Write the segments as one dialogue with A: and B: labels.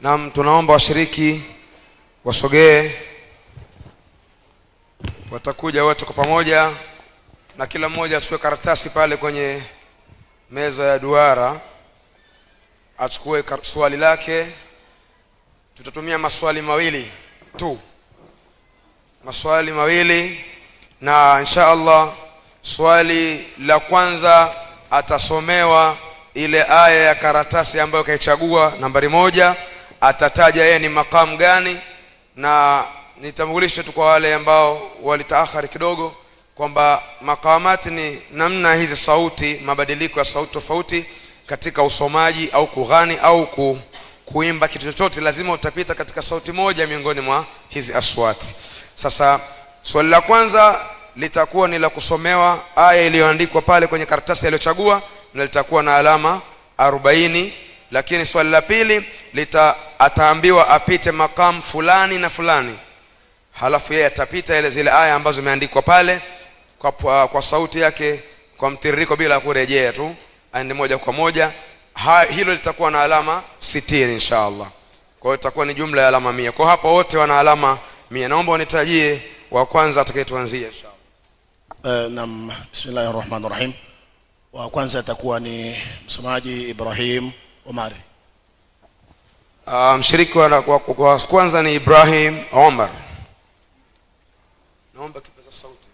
A: Naam, tunaomba washiriki wasogee, watakuja wote kwa pamoja, na kila mmoja achukue karatasi pale kwenye meza ya duara, achukue swali lake. Tutatumia maswali mawili tu, maswali mawili, na insha Allah swali la kwanza atasomewa ile aya ya karatasi ambayo kaichagua nambari moja atataja yeye ni makamu gani, na nitambulishe tu kwa wale ambao walitaahari kidogo kwamba makamati ni namna hizi sauti, mabadiliko ya sauti tofauti katika usomaji au kughani au ku, kuimba kitu chochote, lazima utapita katika sauti moja miongoni mwa hizi aswati. Sasa swali la kwanza litakuwa ni la kusomewa aya iliyoandikwa pale kwenye karatasi aliyochagua, na litakuwa na alama arobaini lakini swali la pili lita ataambiwa apite makamu fulani na fulani, halafu yeye atapita ile zile aya ambazo zimeandikwa pale kwa, kwa, kwa sauti yake kwa mtiririko bila kurejea tu aende moja kwa moja. Ha, hilo litakuwa na alama sitini insha Allah. Kwa hiyo itakuwa ni jumla ya alama mia. Kwa hapo wote wana alama mia. Naomba unitajie wa kwanza atakayetuanzia insha
B: Allah. Uh, eh, naam, bismillahir rahim. Wa kwanza atakuwa ni msomaji Ibrahim Omari.
A: Uh, ah, mshiriki wa kwanza ni Ibrahim Omar. Naomba kipaza sauti.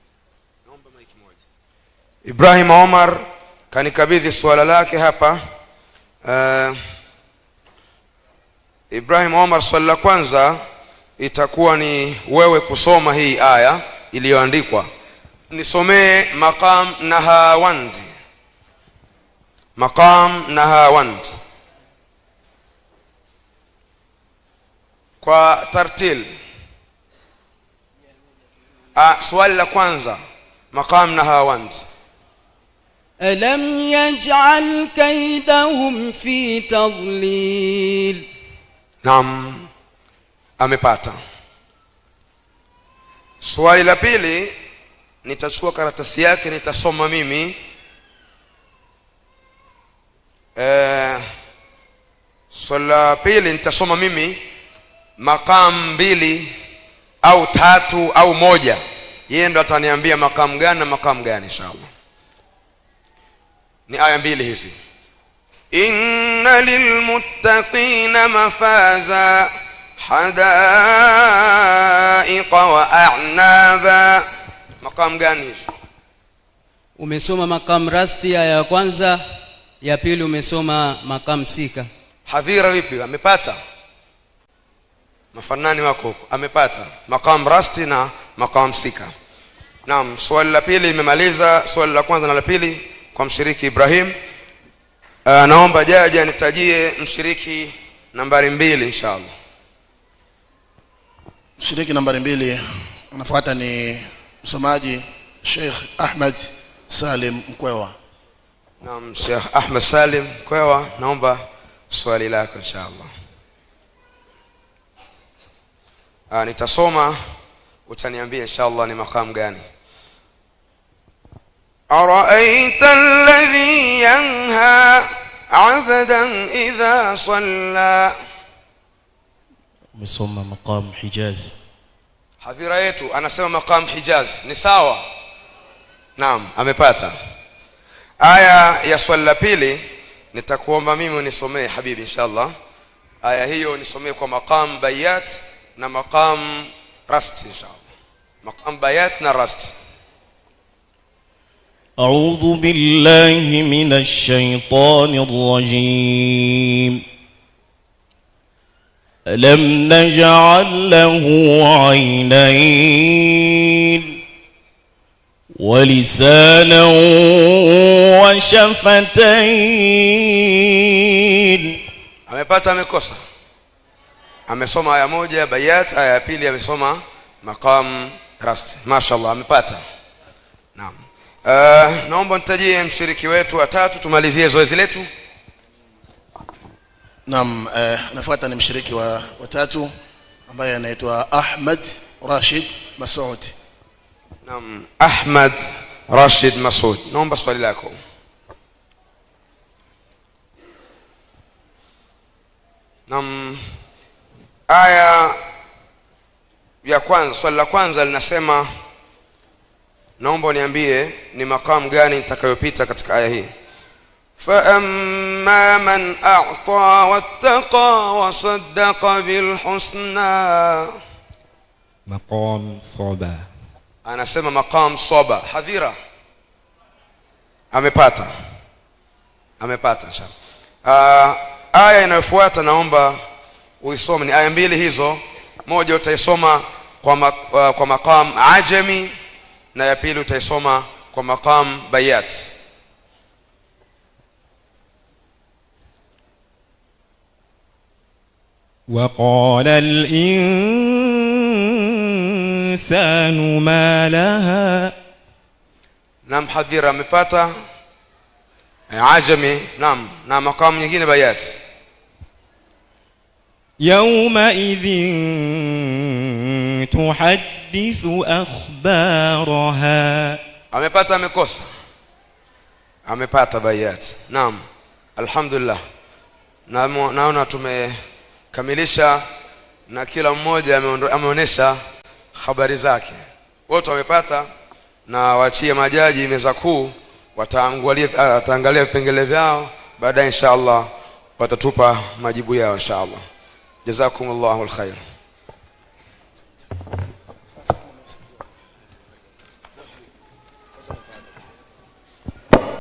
A: Naomba maiki moja. Ibrahim Omar kanikabidhi swala lake hapa. Uh, Ibrahim Omar, swali la kwanza itakuwa ni wewe kusoma hii aya iliyoandikwa. Nisomee maqam Nahawand, maqam Nahawand. kwa tartil. Ah, swali la kwanza maqam Nahawand.
C: Alam yaj'al kaidahum fi tadlil,
A: naam, amepata. Swali la pili nitachukua karatasi yake nitasoma mimi e, swali la pili nitasoma mimi makamu mbili au tatu au moja, yeye ndo ataniambia makamu gani na makamu gani inshallah. Ni aya mbili hizi.
C: Inna lilmuttaqina mafaza hadaiqa wa a'naba.
A: Makamu gani hizi
D: Umesoma makamu rasti aya ya kwanza, ya pili umesoma makamu sika.
A: Hadhira vipi, amepata? mafanani wako huko, amepata makam rasti na makam sika. Naam, swali la pili imemaliza swali la kwanza na la pili kwa mshiriki Ibrahim. Uh, naomba jaji anitajie mshiriki nambari mbili inshallah.
B: Mshiriki nambari mbili anafuata ni msomaji Sheikh Ahmed Salim Mkwewa.
A: Naam, Sheikh Ahmed Salim Mkwewa, naomba swali lako inshallah. Aa, nitasoma utaniambia inshallah ni makam gani
C: araita alladhi yanha abdan idha salla
D: umesoma maqam hijaz
A: hadhira yetu anasema maqam hijaz ni sawa naam amepata aya ya swala pili nitakuomba mimi unisomee habibi inshallah aya hiyo nisomee kwa maqam bayat na maqam rast inshallah maqam bayat na rast
C: أعوذ بالله من الشيطان الرجيم ألم نجعل له عينين ولسانا وشفتين
A: amepata amekosa amesoma aya moja bayat, aya ya pili amesoma maqam rast. Mashallah, amepata. Naam. Uh, naomba nitajie mshiriki wetu wa tatu tumalizie zoezi letu.
B: Naam, uh, nafuata ni mshiriki wa, wa tatu ambaye anaitwa Ahmad Rashid Masud.
A: Naam, Ahmad Rashid Masud, naomba swali lako. Naam. Aya ya kwanza, swali la kwanza linasema, naomba uniambie ni makamu gani nitakayopita katika aya hii. fa amma man a'ta wattaqa wa saddaqa
D: maqam saba.
A: Anasema maqam saba, hadhira. Amepata, amepata inshallah. Ah, aya inayofuata naomba uisome ni aya mbili hizo moja utaisoma kwa, ma, uh, kwa maqam ajami na ya pili utaisoma kwa maqam bayat
C: وقال الإنسان ما لها
A: نعم حذيرة مباتا عجمي نعم نعم مقام يجيني بيات
C: yaumaidhin tuhadithu akhbaraha.
A: Amepata amekosa? Amepata bayat. Naam, alhamdulillah. Naona tumekamilisha na kila mmoja ameonyesha habari zake, wote wamepata. Na waachie majaji meza kuu, wataangalia vipengele vyao, baadaye insha allah watatupa majibu yao insha allah. جزاكم الله الخير